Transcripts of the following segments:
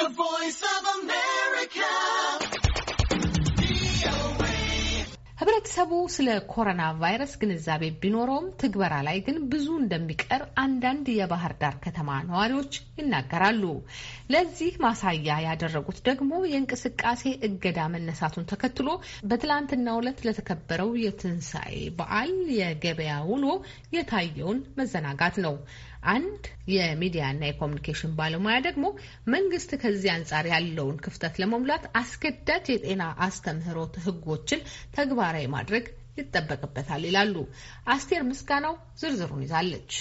The Voice of America. ህብረተሰቡ ስለ ኮሮና ቫይረስ ግንዛቤ ቢኖረውም ትግበራ ላይ ግን ብዙ እንደሚቀር አንዳንድ የባህር ዳር ከተማ ነዋሪዎች ይናገራሉ። ለዚህ ማሳያ ያደረጉት ደግሞ የእንቅስቃሴ እገዳ መነሳቱን ተከትሎ በትላንትናው ዕለት ለተከበረው የትንሣኤ በዓል የገበያ ውሎ የታየውን መዘናጋት ነው። አንድ የሚዲያና የኮሚኒኬሽን ባለሙያ ደግሞ መንግስት ከዚህ አንጻር ያለውን ክፍተት ለመሙላት አስገዳጅ የጤና አስተምህሮት ህጎችን ተግባራዊ ማድረግ ይጠበቅበታል ይላሉ። አስቴር ምስጋናው ዝርዝሩን ይዛለች።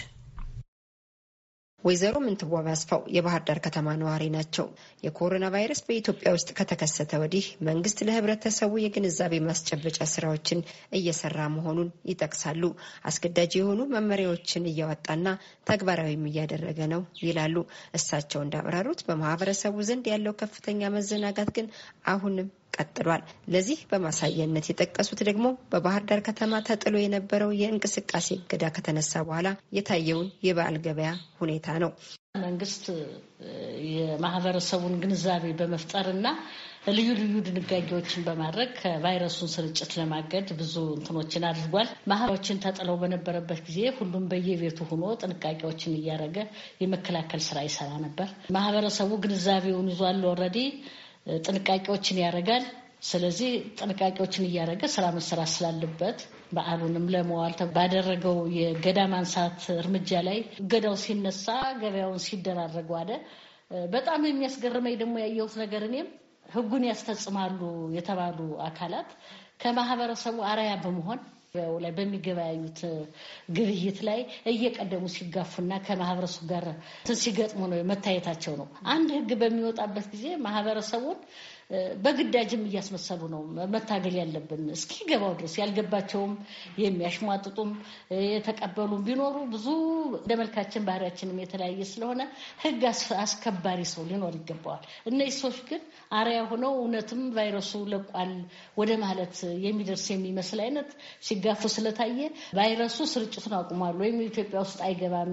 ወይዘሮ ምንትዋብ አስፋው የባህር ዳር ከተማ ነዋሪ ናቸው። የኮሮና ቫይረስ በኢትዮጵያ ውስጥ ከተከሰተ ወዲህ መንግስት ለህብረተሰቡ የግንዛቤ ማስጨበጫ ስራዎችን እየሰራ መሆኑን ይጠቅሳሉ። አስገዳጅ የሆኑ መመሪያዎችን እያወጣና ተግባራዊም እያደረገ ነው ይላሉ። እሳቸው እንዳብራሩት በማህበረሰቡ ዘንድ ያለው ከፍተኛ መዘናጋት ግን አሁንም ቀጥሏል። ለዚህ በማሳያነት የጠቀሱት ደግሞ በባህር ዳር ከተማ ተጥሎ የነበረው የእንቅስቃሴ እገዳ ከተነሳ በኋላ የታየውን የበዓል ገበያ ሁኔታ ነው። መንግስት የማህበረሰቡን ግንዛቤ በመፍጠርና ልዩ ልዩ ድንጋጌዎችን በማድረግ ከቫይረሱን ስርጭት ለማገድ ብዙ እንትኖችን አድርጓል። ማህበሮችን ተጥለው በነበረበት ጊዜ ሁሉም በየቤቱ ሆኖ ጥንቃቄዎችን እያደረገ የመከላከል ስራ ይሰራ ነበር። ማህበረሰቡ ግንዛቤውን ይዟል ኦልሬዲ ጥንቃቄዎችን ያደርጋል። ስለዚህ ጥንቃቄዎችን እያደረገ ስራ መሰራት ስላለበት በዓሉንም ለመዋል ባደረገው የገዳ ማንሳት እርምጃ ላይ ገዳው ሲነሳ ገበያውን ሲደራረጉ አለ። በጣም የሚያስገርመኝ ደግሞ ያየሁት ነገር እኔም ህጉን ያስፈጽማሉ የተባሉ አካላት ከማህበረሰቡ አርአያ በመሆን ገበያው ላይ በሚገበያዩት ግብይት ላይ እየቀደሙ ሲጋፉና ከማህበረሰቡ ጋር ሲገጥሙ ነው መታየታቸው ነው። አንድ ህግ በሚወጣበት ጊዜ ማህበረሰቡን በግዳጅም እያስመሰሉ ነው መታገል ያለብን። እስኪገባው ድረስ ያልገባቸውም የሚያሽሟጥጡም የተቀበሉ ቢኖሩ ብዙ እንደ መልካችን ባህሪያችንም የተለያየ ስለሆነ ህግ አስከባሪ ሰው ሊኖር ይገባዋል። እነዚህ ሰዎች ግን አርያ ሆነው እውነትም ቫይረሱ ለቋል ወደ ማለት የሚደርስ የሚመስል አይነት ሲጋፉ ስለታየ ቫይረሱ ስርጭቱን አቁሟል ወይም ኢትዮጵያ ውስጥ አይገባም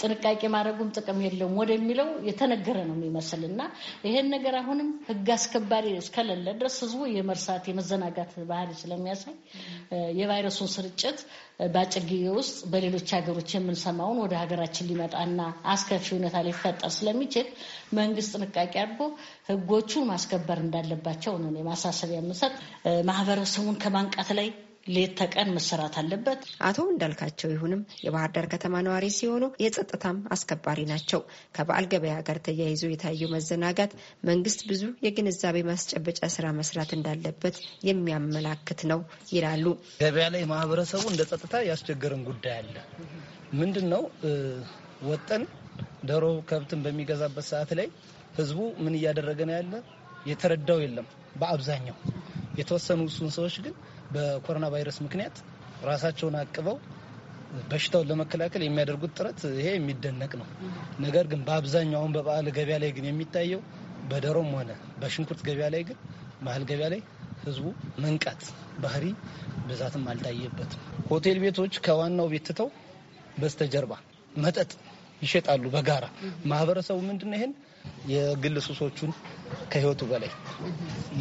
ጥንቃቄ ማድረጉም ጥቅም የለውም ወደሚለው የተነገረ ነው የሚመስል እና ይሄን ነገር አሁንም ህግ አስከባሪ እስከሌለ ድረስ ህዝቡ የመርሳት የመዘናጋት ባህሪ ስለሚያሳይ የቫይረሱን ስርጭት በአጭር ጊዜ ውስጥ በሌሎች ሀገሮች የምንሰማውን ወደ ሀገራችን ሊመጣና አስከፊ ሁኔታ ሊፈጠር ስለሚችል መንግስት ጥንቃቄ አድርጎ ህጎቹን ማስከበር እንዳለባቸው ነው ማሳሰቢያ የምንሰጥ ማህበረሰቡን ከማንቃት ላይ ሌት ተቀን መሰራት አለበት። አቶ እንዳልካቸው ይሁንም የባህር ዳር ከተማ ነዋሪ ሲሆኑ የጸጥታም አስከባሪ ናቸው። ከበዓል ገበያ ጋር ተያይዞ የታየው መዘናጋት መንግስት ብዙ የግንዛቤ ማስጨበጫ ስራ መስራት እንዳለበት የሚያመላክት ነው ይላሉ። ገበያ ላይ ማህበረሰቡ እንደ ጸጥታ ያስቸገረን ጉዳይ አለ። ምንድን ነው ወጠን ዶሮ ከብትን በሚገዛበት ሰዓት ላይ ህዝቡ ምን እያደረገ ነው ያለ የተረዳው የለም በአብዛኛው የተወሰኑ እሱን ሰዎች ግን በኮሮና ቫይረስ ምክንያት ራሳቸውን አቅበው በሽታውን ለመከላከል የሚያደርጉት ጥረት ይሄ የሚደነቅ ነው። ነገር ግን በአብዛኛው አሁን በበዓል ገበያ ላይ ግን የሚታየው በደሮም ሆነ በሽንኩርት ገበያ ላይ ግን መሀል ገበያ ላይ ህዝቡ መንቃት ባህሪ ብዛትም አልታየበትም። ሆቴል ቤቶች ከዋናው ቤት ትተው በስተጀርባ መጠጥ ይሸጣሉ በጋራ ማህበረሰቡ ምንድን ነው የግል ሱሶቹን ከህይወቱ በላይ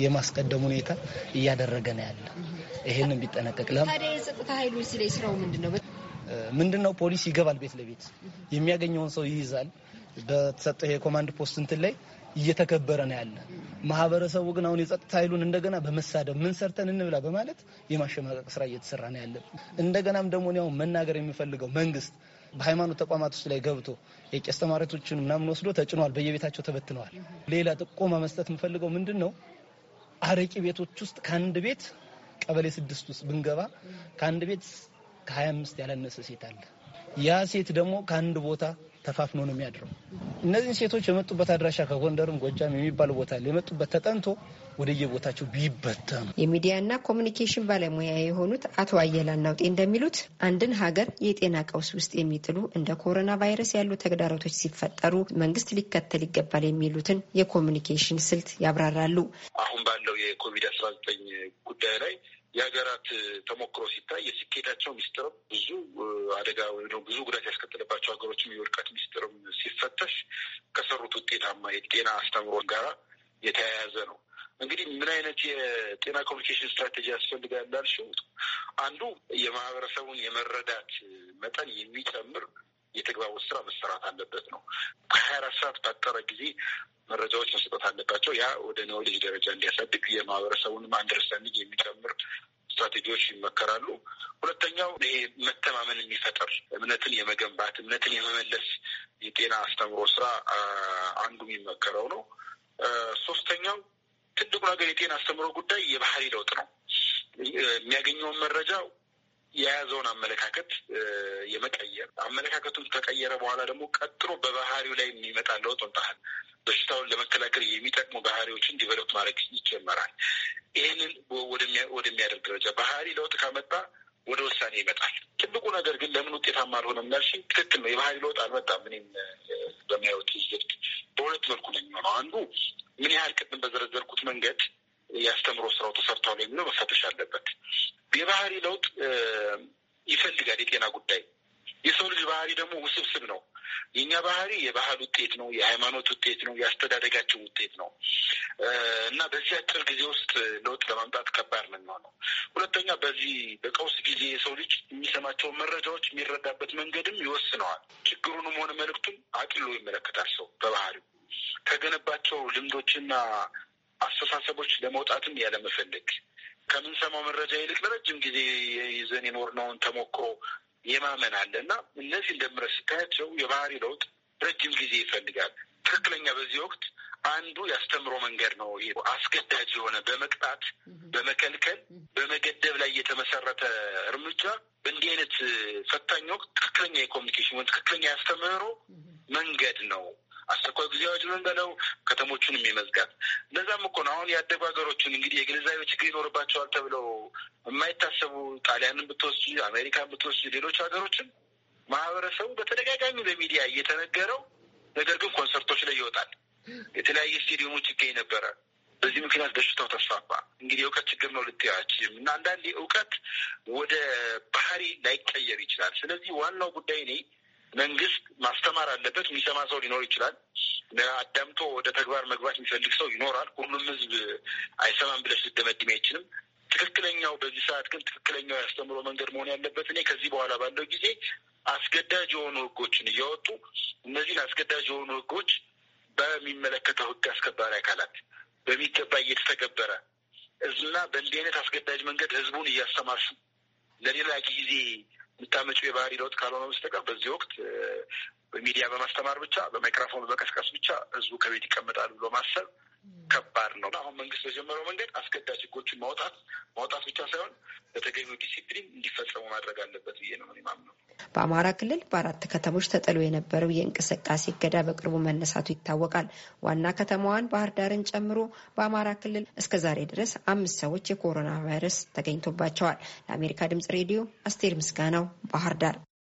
የማስቀደም ሁኔታ እያደረገ ነው ያለ ይህንን ቢጠነቀቅ ምንድን ነው ፖሊስ ይገባል፣ ቤት ለቤት የሚያገኘውን ሰው ይይዛል። በተሰጠው የኮማንድ ፖስት እንትን ላይ እየተከበረ ነው ያለ። ማህበረሰቡ ግን አሁን የጸጥታ ኃይሉን እንደገና በመሳደብ ምን ሰርተን እንብላ በማለት የማሸማቀቅ ስራ እየተሰራ ነው ያለ። እንደገናም ደግሞ ያው መናገር የሚፈልገው መንግስት በሃይማኖት ተቋማት ውስጥ ላይ ገብቶ የቄስ ተማሪቶችን ምናምን ወስዶ ተጭኗል፣ በየቤታቸው ተበትነዋል። ሌላ ጥቆማ መስጠት የምፈልገው ምንድን ነው አረቂ ቤቶች ውስጥ ከአንድ ቤት ቀበሌ ስድስት ውስጥ ብንገባ ከአንድ ቤት ከሀያ አምስት ያላነሰ ሴት አለ። ያ ሴት ደግሞ ከአንድ ቦታ ተፋፍኖ ነው የሚያድረው። እነዚህን ሴቶች የመጡበት አድራሻ ከጎንደርም ጎጃም የሚባል ቦታ የመጡበት ተጠንቶ ወደየቦታቸው ቢበተኑ። የሚዲያና ኮሚኒኬሽን ባለሙያ የሆኑት አቶ አየላ ናውጤ እንደሚሉት አንድን ሀገር የጤና ቀውስ ውስጥ የሚጥሉ እንደ ኮሮና ቫይረስ ያሉ ተግዳሮቶች ሲፈጠሩ መንግስት ሊከተል ይገባል የሚሉትን የኮሚኒኬሽን ስልት ያብራራሉ። አሁን የኮቪድ አስራ ዘጠኝ ጉዳይ ላይ የሀገራት ተሞክሮ ሲታይ የስኬታቸው ሚስጥር ብዙ አደጋ ወይም ብዙ ጉዳት ያስከተለባቸው ሀገሮችም የውድቀት ሚስጥርም ሲፈተሽ ከሰሩት ውጤታማ የጤና አስተምሮ ጋር የተያያዘ ነው። እንግዲህ ምን አይነት የጤና ኮሚኒኬሽን ስትራቴጂ ያስፈልጋል ላልሽው፣ አንዱ የማህበረሰቡን የመረዳት መጠን የሚጨምር የተግባቦት ስራ መሰራት አለበት ነው። ሀያ አራት ሰዓት ባጠረ ጊዜ መረጃዎች መስጠት አለባቸው። ያ ወደ ኖሌጅ ደረጃ እንዲያሳድግ የማህበረሰቡንም አንደርስታንዲንግ የሚጨምር ስትራቴጂዎች ይመከራሉ። ሁለተኛው ይሄ መተማመን የሚፈጠር እምነትን የመገንባት እምነትን የመመለስ የጤና አስተምሮ ስራ አንዱ የሚመከረው ነው። ሶስተኛው ትልቁ ነገር የጤና አስተምሮ ጉዳይ የባህሪ ለውጥ ነው። የሚያገኘውን መረጃ የያዘውን አመለካከት የመቀየር አመለካከቱ ተቀየረ በኋላ ደግሞ ቀጥሎ በባህሪው ላይ የሚመጣ ለውጥ ወጣል በሽታውን ለመከላከል የሚጠቅሙ ባህሪዎችን ዲቨሎፕ ማድረግ ይጀመራል። ይህንን ወደሚያደርግ ደረጃ ባህሪ ለውጥ ካመጣ ወደ ውሳኔ ይመጣል። ትልቁ ነገር ግን ለምን ውጤታማ አልሆነም ያልሽኝ ትክክል ነው። የባህሪ ለውጥ አልመጣም። እኔም በሚያወት ይልቅ በሁለት መልኩ ነው የሚሆነው። አንዱ ምን ያህል ቅድም በዘረዘርኩት መንገድ የአስተምሮ ስራው ተሰርቷል የሚለው መፈተሽ አለበት። የባህሪ ለውጥ ይፈልጋል የጤና ጉዳይ። የሰው ልጅ ባህሪ ደግሞ ውስብስብ ነው። የእኛ ባህሪ የባህል ውጤት ነው፣ የሃይማኖት ውጤት ነው፣ የአስተዳደጋችን ውጤት ነው እና በዚህ አጭር ጊዜ ውስጥ ለውጥ ለማምጣት ከባድ ነው የሚሆነው። ሁለተኛ በዚህ በቀውስ ጊዜ የሰው ልጅ የሚሰማቸውን መረጃዎች የሚረዳበት መንገድም ይወስነዋል። ችግሩንም ሆነ መልእክቱን አቅሎ ይመለከታል። ሰው በባህሪው ከገነባቸው ልምዶችና አስተሳሰቦች ለመውጣትም ያለመፈለግ ከምንሰማው መረጃ ይልቅ ለረጅም ጊዜ ይዘን የኖርነውን ተሞክሮ የማመን አለ እና እነዚህ እንደምረስ ስታያቸው የባህሪ ለውጥ ረጅም ጊዜ ይፈልጋል። ትክክለኛ በዚህ ወቅት አንዱ ያስተምሮ መንገድ ነው። አስገዳጅ የሆነ በመቅጣት በመከልከል፣ በመገደብ ላይ የተመሰረተ እርምጃ በእንዲህ አይነት ፈታኝ ወቅት ትክክለኛ የኮሚኒኬሽን ወይም ትክክለኛ ያስተምህሮ መንገድ ነው። አስቸኳይ ጊዜ አዋጁን በለው ከተሞቹን የሚመዝጋት እነዛም እኮ ነው። አሁን ያደጉ ሀገሮችን እንግዲህ የግንዛቤ ችግር ይኖርባቸዋል ተብለው የማይታሰቡ ጣሊያንን ብትወስድ፣ አሜሪካን ብትወስድ፣ ሌሎች ሀገሮችን ማህበረሰቡ በተደጋጋሚ በሚዲያ እየተነገረው ነገር ግን ኮንሰርቶች ላይ ይወጣል። የተለያየ ስቴዲየሞች ይገኝ ነበረ። በዚህ ምክንያት በሽታው ተስፋፋ። እንግዲህ የእውቀት ችግር ነው ልትያችም እና አንዳንዴ እውቀት ወደ ባህሪ ላይቀየር ይችላል። ስለዚህ ዋናው ጉዳይ እኔ መንግስት ማስተማር አለበት። የሚሰማ ሰው ሊኖር ይችላል። አዳምቶ ወደ ተግባር መግባት የሚፈልግ ሰው ይኖራል። ሁሉም ህዝብ አይሰማም ብለሽ ልደመድም አይችልም። ትክክለኛው በዚህ ሰዓት ግን ትክክለኛው ያስተምሮ መንገድ መሆን ያለበት እኔ ከዚህ በኋላ ባለው ጊዜ አስገዳጅ የሆኑ ህጎችን እያወጡ እነዚህን አስገዳጅ የሆኑ ህጎች በሚመለከተው ህግ አስከባሪ አካላት በሚገባ እየተተገበረ እና በእንዲህ አይነት አስገዳጅ መንገድ ህዝቡን እያስተማር ለሌላ ጊዜ የምታመጪው የባህሪ ለውጥ ካልሆነ በስተቀር በዚህ ወቅት በሚዲያ በማስተማር ብቻ በማይክሮፎን በመቀስቀስ ብቻ ህዝቡ ከቤት ይቀመጣል ብሎ ማሰብ ከባድ ነው። አሁን መንግስት በጀመረው መንገድ አስገዳጅ ህጎችን ማውጣት ማውጣት ብቻ ሳይሆን በተገኙ ዲሲፕሊን እንዲፈጸሙ ማድረግ አለበት ብዬ ነው። በአማራ ክልል በአራት ከተሞች ተጥሎ የነበረው የእንቅስቃሴ እገዳ በቅርቡ መነሳቱ ይታወቃል። ዋና ከተማዋን ባህር ዳርን ጨምሮ በአማራ ክልል እስከ ዛሬ ድረስ አምስት ሰዎች የኮሮና ቫይረስ ተገኝቶባቸዋል። ለአሜሪካ ድምጽ ሬዲዮ አስቴር ምስጋናው ባህር ዳር